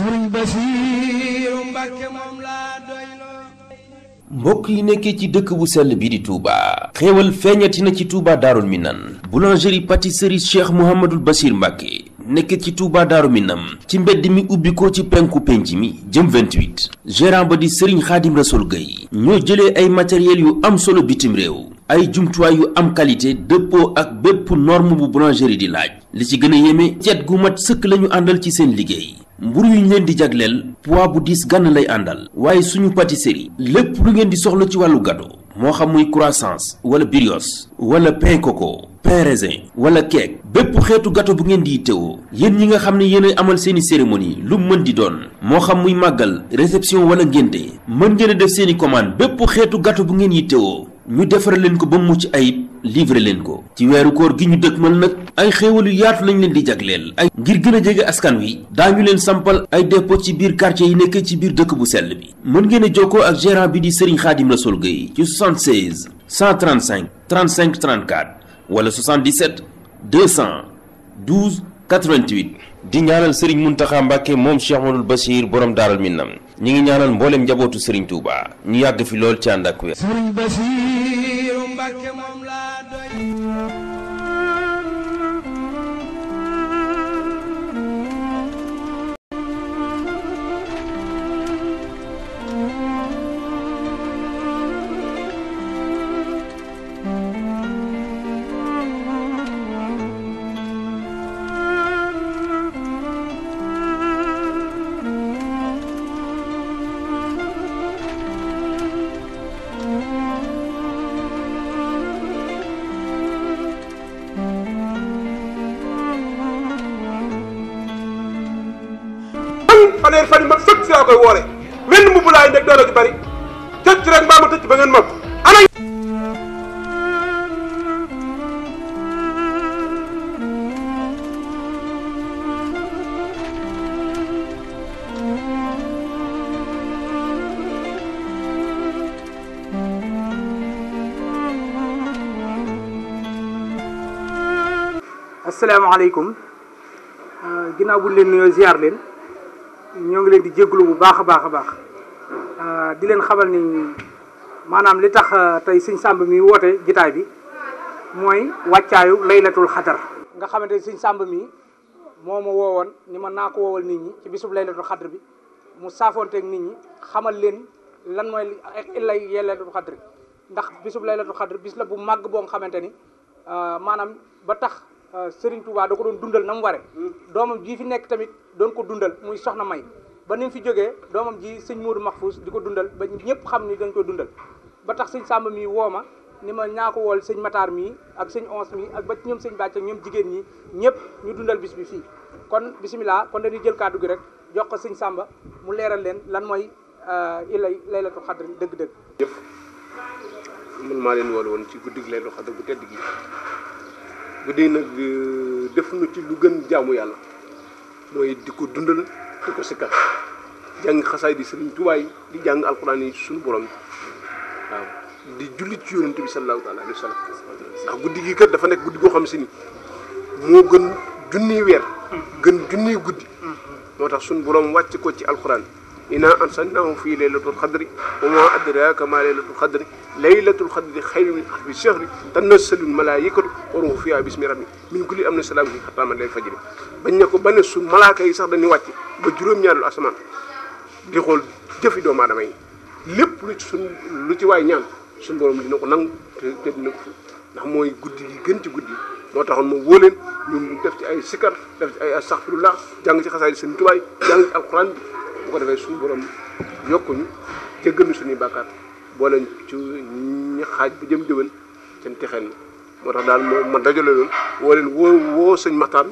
sëriñ Basiiru mbokk yi nekkee ci dëkk bu sell bi di tuuba xéewal feeñati na ci Touba Darou Minane boulangerie pâtisserie Cheikh Mouhamadul Bachir Mbàkke nekk ci Touba Daaru Minam ci mbedd mi ubbi ko ci penku penc mi jëm 28 gérant ba di Serigne Khadim Rassoul Gueye ñoo jëlee ay matériel yu am solo bitim réew ay jumtuwaay yu am qualité dëppoo ak bépp norm bu boulangerie di laaj li ci gën a yéeme cet gu mat sëkk lañu àndal ci seen liggéey mburu yu ñu leen di jagleel poids bu diis gànn lay àndal waaye suñu pâtisserie lépp lu ngeen di soxla ci wàllu gâteau moo xam muy croissants wala brioches wala pain coco pain raisin wala cake bépp xeetu gato bu ngeen di teewoo yéen ñi nga xam ne yéen amal seeni cérémonie lu mën di doon moo xam muy màggal réception wala ngénte mën ngeen a def seeni commande bépp xeetu gato bu ngeen yi teewoo ñu defar leen ko ba mu mucc ay livre leen ko ci weeru koor gi ñu dëkkmal nag ay xéewal yu yaatu lañ leen di jagleel ay ngir gën a jege askan wi daañu leen sampal ay dépôt ci biir quartier yi nekk ci biir dëkk bu sell bi mën ngeen a jokkoo ak gérant bi di Serigne Khadim Rassoul Gueye ci 76 135 35 34 wala 77 200 12 88 di ñaanal sëriñ Muntaxa Mbàkke moom Cheikh Ahmadul Bachir borom daaral minnam ñi ngi ñaanal mbooleem njabootu sëriñ Touba ñu yàgg fi lool ci ànd ak wér fanweeri fan yi ma fekk si laa koy woore wenn mu bu laay nekk doole gi bari tëcc rek mbaa ma tëcc ba ngeen moom asalaamaaleykum ah, ginnaaw bu leen nuyoo ziar leen ñoo ngi leen di jégalu bu baax a baax a baax euh, di leen xamal ni maanaam li tax euh, tey sëñ Sàmb mi woote jitaay bi mooy wàccaayu laylatul xadar nga xamante ni sëñ Sàmb mi moo ma woowoon ni ma naa ko woowal nit ñi ci bisub laylatul xadar bi mu saafoonteeg nit ñi xamal leen lan mooy illay yee laylatul xadar ndax bisub laylatul xadar bis la bu màgg boo xamante ni euh, maanaam ba tax Euh, seriñ Touba da ko doon dundal na mu ware doomam jii fi nekk tamit doon ko dundal muy soxna may ba ni fi jógee doomam ji sëñ Modou Mahfous di ko dundal ba ñëpp xam ni dañ ko dundal ba tax sëñ Samba mii woo ma ni ma ñaa ko wool sëñ Matar mii ak sëñ Ons mii ak ba ñoom sëñ Bàcc ak ñoom jigéen ñi ñëpp ñu dundal bis bi fii kon bisimilah kon dañuy jël kàddu gi rek jox ko sëñ sàmba mu leeral leen lan mooy euh, illay laylatul xadr dëgg-dëgg. yëpp man maa leen wool woon ci guddig laylatul xadr bu tedd gi. bu nag euh, def nu ci lu gën jaamu yàlla mooy di ko dundal di ko sikkar jàng xasaay di sëriñ Tuubaa yi di jàng alxuraan yi suñu borom waaw di julli ci yonent bi sallallahu alayhi wa sallam ndax guddi gi kat dafa nekk guddi goo xam si ni moo gën junniy weer gën junniy guddi mm-hmm. moo tax suñu borom wàcc ko ci alxuraan inaa ansalnaahu fii laylatul xadri wa maa adraaka maa laylatul xadri laylatul xadri xayrun min alfi shahri tanassalul malaayikatu wa ruuhu fiihaa bismi rabbi min kulli amrin salaamun hiya hattaa matla'il fajri bañ ne ko ba ne su malaaka yi sax dañuy wàcc ba juróom-ñaareelu asamaan di xool jëfi doomu aadama yi lépp lu ci suñ lu ci waay ñaan suñ borom dina ko nangu te dina ndax mooy guddi gën ci guddi moo taxoon ma woo leen ñu def ci ay sikar def ci ay astaxfirullah jàng ci xasaay seen tubaay jàng ci alquran bi bu ko defee suñu borom yokkuñu ca gënu suñuy bàkkaat boole ci ñi xaaj jëm déwén seen texeel moo tax daal moo man dajale woo leen woo woo sëñ maxtaar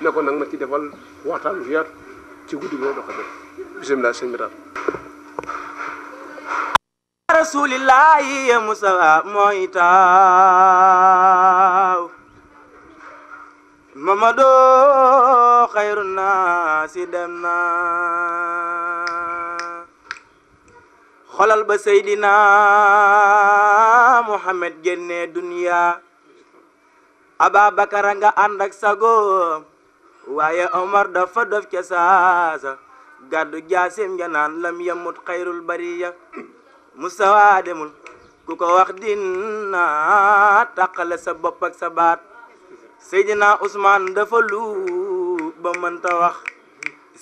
nag ma ci defal waxtaan bu yaatu ci guddi boo dox a def bisimilah sëñ maxtaar rasulillahi ya musa mooy taaw mamado xayru naasi dem na xolal ba seydina muhammad génne duniya ababakar nga ànd sago waaye omar dafa dof ca saasa gàddu jaasim nga naan lam yamut xayrul bariya mustawa demul ku ko wax dina tàqale sa bopp ak sa baat seydina usmaan dafa lu ba mënta wax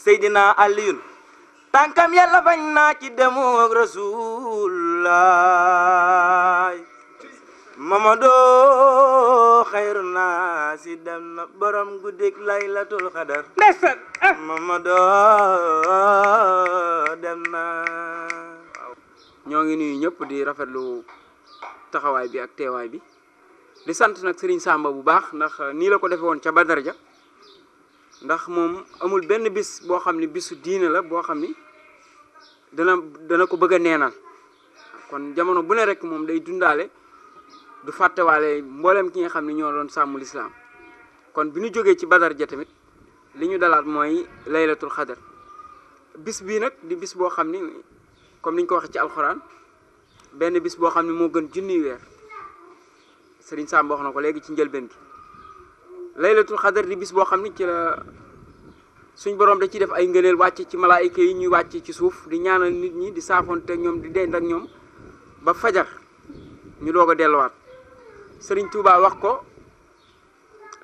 seydina aliyun tànkam yàlla bañ naa ci demoo ak rasuulaay mamadou xayru naa si dem na borom guddik laylatul xadar ndeysaan ah. mamadou dem na ñoo ngi nuyu ñëpp di rafetlu taxawaay bi ak teewaay bi di sant nag Serigne Samba bu baax ndax nii la ko defe woon ca Badar ja ndax moom amul benn bis boo xam ni bisu diine la boo xam ni dana dana ko bëgg a neenal kon jamono bu ne rek moom day dundaale du fàttewaale mboolem ki nga xam ni ñoo doon sàmm lislaam kon bi ñu jógee ci badar ja tamit li ñu dalaat mooy laylatul xadar bis bii nag di bis boo xam ni comme ni ñu ko waxee ci alxuraan benn bis boo xam ni moo gën junni weer Serigne Sam wax na ko léegi ci njëlbeen bi laylatul xadar di bis boo xam ni ci la suñ borom da ciy def ay ngëneel wàcc ci malaayika yi ñuy wàcc ci suuf di ñaanal nit ñi di saafonte ñoom di dend ak ñoom ba fajar ñu doog a delluwaat sëriñ Tuubaa wax ko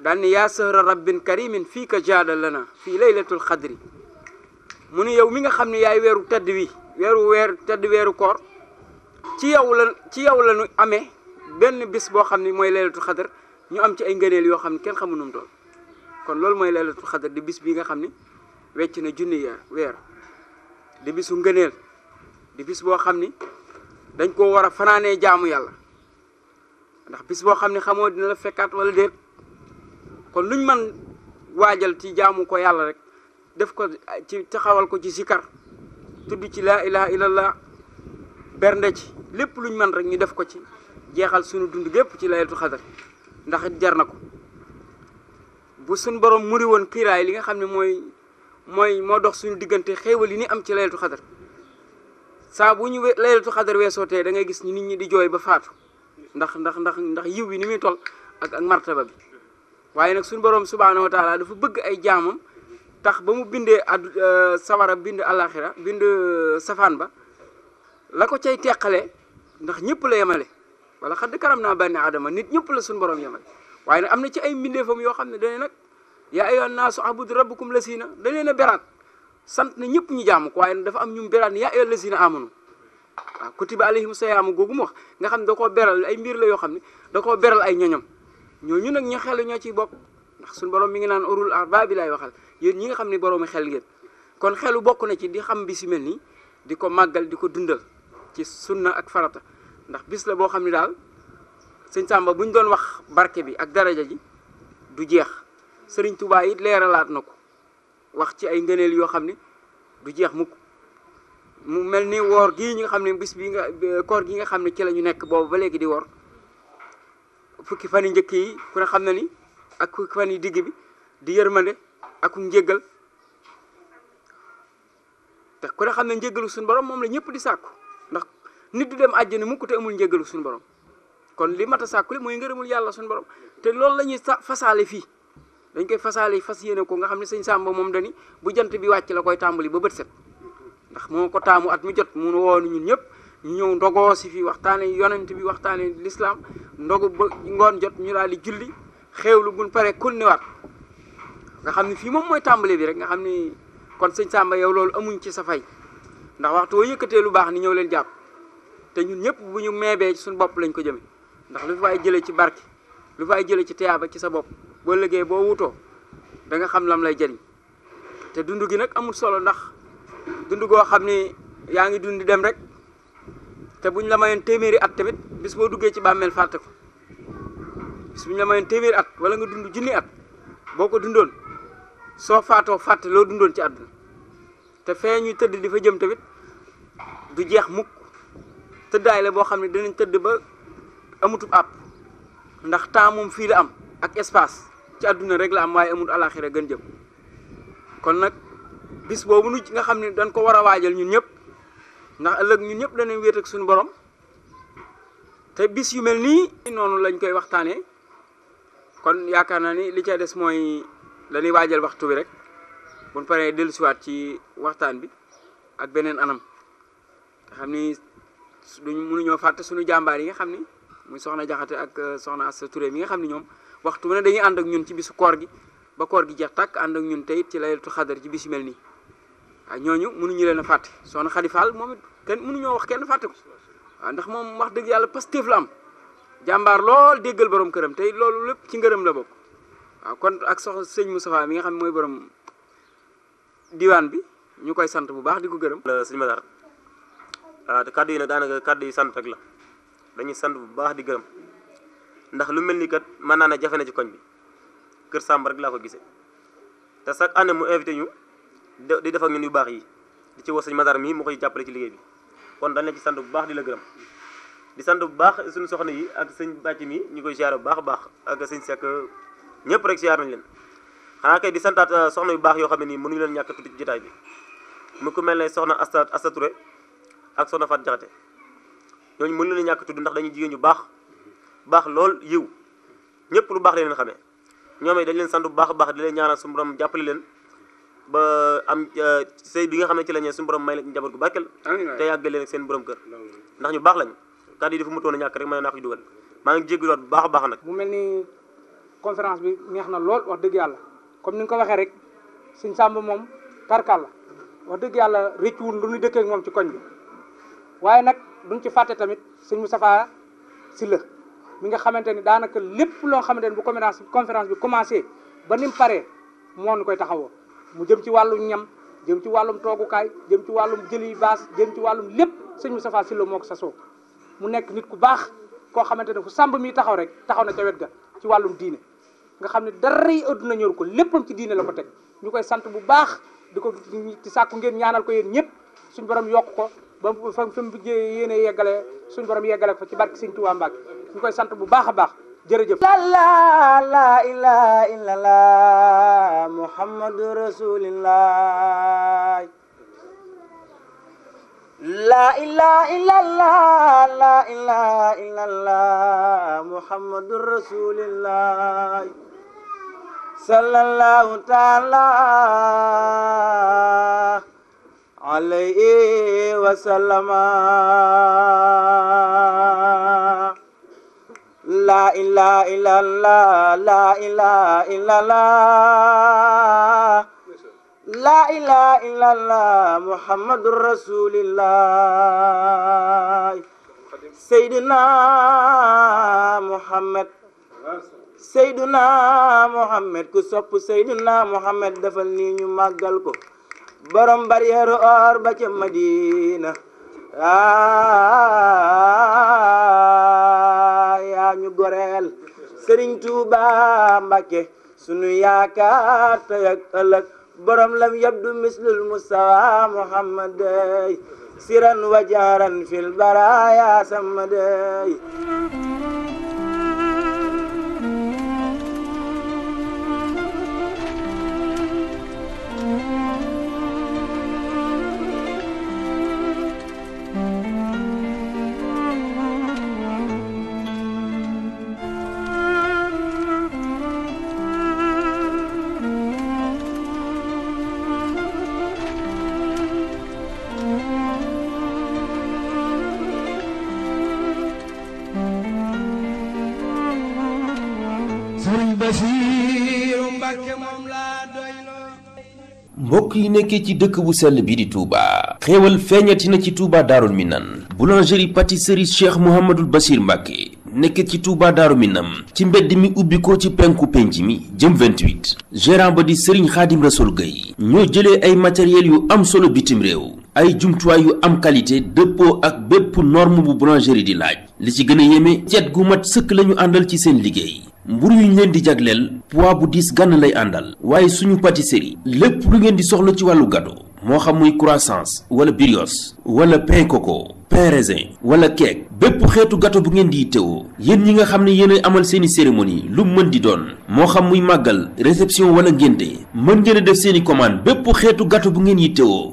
daal ni yaa sëhra rabbin karimin fii ka jaada lana fii laylatul xadri mu ni yow mi nga xam ne yaay weeru tedd wi weeru weer tedd weeru koor ci yow la ci yow la amee benn bis boo xam ne mooy laylatul xadar ñu am ci ay ngëneel yoo xam ne kenn xamu nu mu kon loolu mooy laylatul xadar di bis bi nga xam ni wecc na junni weer di bisu ngëneel di bis boo xam ni dañ ko war a fanaanee jaamu yàlla ndax bis boo xam ne xamoo dina la fekkaat wala déet kon luñ man waajal ci jaamu ko yàlla rek def ko ci taxawal ko ci sikar tudd ci laa ilaha illallah bernde ci lépp luñ man rek ñu def ko ci jeexal sunu dund gépp ci laylatul xadar ndax jar na ko bu suñ borom muri woon kiiraay li nga xam ne mooy mooy moo dox suñu diggante xéewal yi ni am ci laylatu xadar saa bu ñu laylatu xadar weesoo tee da ngay gis ni nit ñi di jooy ba faatu ndax ndax ndax ndax yiw bi ni muy tol ak ak martaba bi waaye nag suñu borom subhaanahu wa dafa bëgg ay jaamam tax ba mu bindee addu euh, sawara bind alaxira bind euh, safaan ba la ko cay teqale ndax ñëpp la yemale wala xadd karam naa bànni aadama nit ñëpp la suñu borom yemal waaye nag am na ci ay mbindeefam yoo xam ne dane nag yaa ayyuhan naasu abudu rabbukum lasina da leen a beraat sant na ñëpp ñu jaamu ko waaye nag dafa am ñu beraat ni yaa ayyuhal lasina amanu waaw kutiba alayhim siyaamu googu mu wax nga xam ne da koo beral ay mbir la yoo xam ne da koo beral ay ñoñam ñooñu nag ñu xel ñoo ciy bokk ndax suñu borom mi ngi naan urul arba bi lay waxal yéen ñi nga xam ne boroomi xel ngeen kon xelu bokk na ci di xam bi nii di ko màggal di ko dundal ci sunna ak farata ndax bis la boo xam ne daal sëñ Samba bu ñu doon wax barke bi ak daraja ji du jeex sëriñ Touba it leeralaat na ko wax ci ay ngëneel yoo xam ne du jeex mukk mu mel ni woor gii ñi nga xam ne bis bi nga koor gi nga xam ne ci la ñu nekk boobu ba léegi di woor fukki fan yi njëkk yi ku ne xam na ni ak fukki fan yi digg bi di yërmande ak njéggal te ku ne xam ne njéggalu suñ borom moom la ñëpp di sàkku nit du dem àjjana mukk te amul njëgalu suñu borom kon li mat a sàkkuli mooy ngërëmul yàlla suñu borom te loolu la ñuy fasaale fii dañ koy fasaale fas yéene ko nga xam ne sëñ Samba moom dani bu jant bi wàcc la koy tàmbali ba bët set ndax moo ko taamu at mu jot mu woonu ñun ñëpp ñu ñëw ndogoo si fii waxtaane yonent bi waxtaane lislaam ndogu ba ngoon jot ñu daal di julli xéewlu gun pare kulniwaat nga xam ne fii moom mooy tàmbali bi rek nga xam ne kon sëñ Samba yow loolu amuñ ci sa fay ndax waxtu woo yëkkatee lu baax ni ñëw leen jàpp te ñun ñëpp bu ñu meebee suñu bopp lañ ko jëme ndax lu fi waay jëlee ci barke lu fi waay jëlee ci teyaaba ci sa bopp boo liggéey boo wutoo da nga xam lam lay jëriñ te dund gi nag amul solo ndax dund goo xam ni yaa ngi dund dem rek te buñ la mayoon téeméeri at tamit bis boo duggee ci bàmmeel fàtte ko bis buñ la mayoon téeméeri at wala nga dund junni at boo ko dundoon soo faatoo fàtte loo dundoon ci àdduna te fee ñuy tëdd di fa jëm tamit du jeex mukk tëddaay la boo xam ne danañ tëdd ba amutub àpp ndax temps moom fii la am ak espace ci àdduna rek la am waaye amut alaxira gën jëm kon nag bis boobu nu nga xam ne dañ ko war a waajal ñun ñëpp ndax lëg ñun ñëpp danañ wéet ak suñu borom te bis yu mel nii noonu lañ koy waxtaanee kon yaakaar naa ni li ca des mooy lañuy waajal waxtu wi rek bu ñu paree dellusiwaat ci waxtaan bi ak beneen anam xam ni su duñu mënuñoo fàtte suñu jàmbaar yi nga xam ni muy soxna jaxate ak euh, soxna Assa Touré mi nga xam ni ñoom waxtu ne dañuy ànd ak ñun ci bisu koor gi ba koor gi jeex ànd ak ñun tey ci laylatul xadar ci bis yu mel mënuñu leen a fàtte soxna Xadi Fall moom it mënuñoo wax kenn fàtte ndax moom wax dëgg yàlla Pastef la am jàmbaar lool déggal borom këram tey loolu lépp ci ngërëm la bokk waaw kon ak soxna sëñ Moustapha mi nga xam ne mooy borom diwaan bi ñu koy sant bu baax di ko gërëm. sëñ Madar waaw ah, te kaddu yi nag daanaka kaddu yi sant rek la dañuy sant bu baax di gërëm ndax lu mel ni kat mën naa ne jafe na ci koñ bi Kër Samba rek laa ko gisee te chaque année mu invité ñu di def ak ñun yu baax yi di ci woo sëñ Matar mii mu koy jàppale ci liggéey bi kon dañ la ci sant bu baax di la gërëm di sant bu baax suñu soxna yi ak sëñ bàcc mi ñu koy siyaar bu baax a baax ak sëñ Seck ñëpp rek siyaar nañ leen xanaa kay di santaat ah, soxna yu baax yoo xam ne nii mënuñu leen ñàkk tuuti ci bi mu ko mel ne soxna Asta ak soxna Fatou Jaxate ñooñu mën leen a ñàkk tudd ndax dañu jigéen ñu baax baax lool yiw ñëpp lu baax la leen xamee ñoomee dañ leen sant bu baax a baax di leen ñaanal suñu jàppale leen ba am euh, sëy bi nga xam ne ci la ñee suñu borom may leen njaboot gu barkeel te yàggal leen ak seen borom kër ndax ñu baax lañu kàddu yi dafa mëtoon a ñàkk rek may naa ko ci dugal maa ngi jéggi loolu baax a nag bu mel ni conférence bi neex na lool wax dëgg yàlla comme ni nga ko waxee rek suñ sàmb moom tarkal kal wax dëgg yàlla réccuwul lu ñu moom ci koñ waaye nag duñ ci fàtte tamit sëñ si la mi nga xamante ni daanaka lépp loo xamante ni bu conférence conférence bi commencé ba ni mu moo ñu koy taxawoo mu jëm ci wàllum ñam jëm ci wàllum toogukaay jëm ci wàllum jëli baas jëm ci wàllum lépp sëñ si Sylla mook sa sasoo mu nekk nit ku baax koo xamante ne fu sàmb mii taxaw rek taxaw na ca wet ga ci wàllum diine nga xam ne dara yi àdduna ñor ko léppam ci diine la ko teg ñu koy sant bu baax di ko ci ngeen ñaanal ko yéen ñëpp suñ borom yokk ko ba mu fa fi mu yéene yeggale suñu borom yeggale ko fa ci barke Sëñ Tuubaa Mbàkke koy sant bu baax a baax jërëjëf la la ilaha illallah muhammadu rasulillah la ilaha illallah la عليه وسلم لا إله إلا الله لا إله إلا الله لا إله إلا الله محمد رسول الله سيدنا محمد سيدنا محمد ku sopp سيدنا محمد defal ni ñu màggal ko borom barrière or ba ca Madina yaa ñu goreel Sëriñ Tuuba Mbàkke sunu yaakaar tey borom lam yabdu mislul mustawa muhammaday siran wa fil baraya sammaday mbokk yi nekkee ci dëkk bu sell bi di Touba. xéewal feeñati na ci Touba Darou Minane. boulangerie pâtisserie Cheikh Mouhamadul Bassir Mbacke. nekk ci Touba Darou Minane. ci mbedd mi ubbi ko ci penku penc mi jëm 28. gérant ba di Serigne Khadim Rassoul Gueye. ñoo jëlee ay matériel yu am solo bitim réew. ay jumtuwaay yu am qualité dëppoo ak bépp norme bu boulangerie di laaj. li ci gën a yéeme. cet gu mat sëkk lañu àndal ci seen liggéey. mburu yu ngeen di jagleel poids bu diis gànn lay àndal waaye suñu pâtisserie lépp lu ngeen di soxla ci wàllu gâteau moo xam muy croissants wala brioche wala pain coco pain wala cake bépp xeetu gato bu ngeen di teewoo yéen ñi nga xam ne yéen amal seeni cérémonie lu mën di doon moo xam muy màggal réception wala ngénte mën ngeen a def seeni commande bépp xeetu gato bu ngeen yi teewoo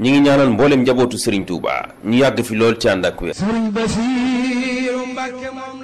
ñu ngi ñaanal mboolem njabootu Serigne Touba ñu yàgg fi loolu ci ànd ak wér. Serigne Bassirou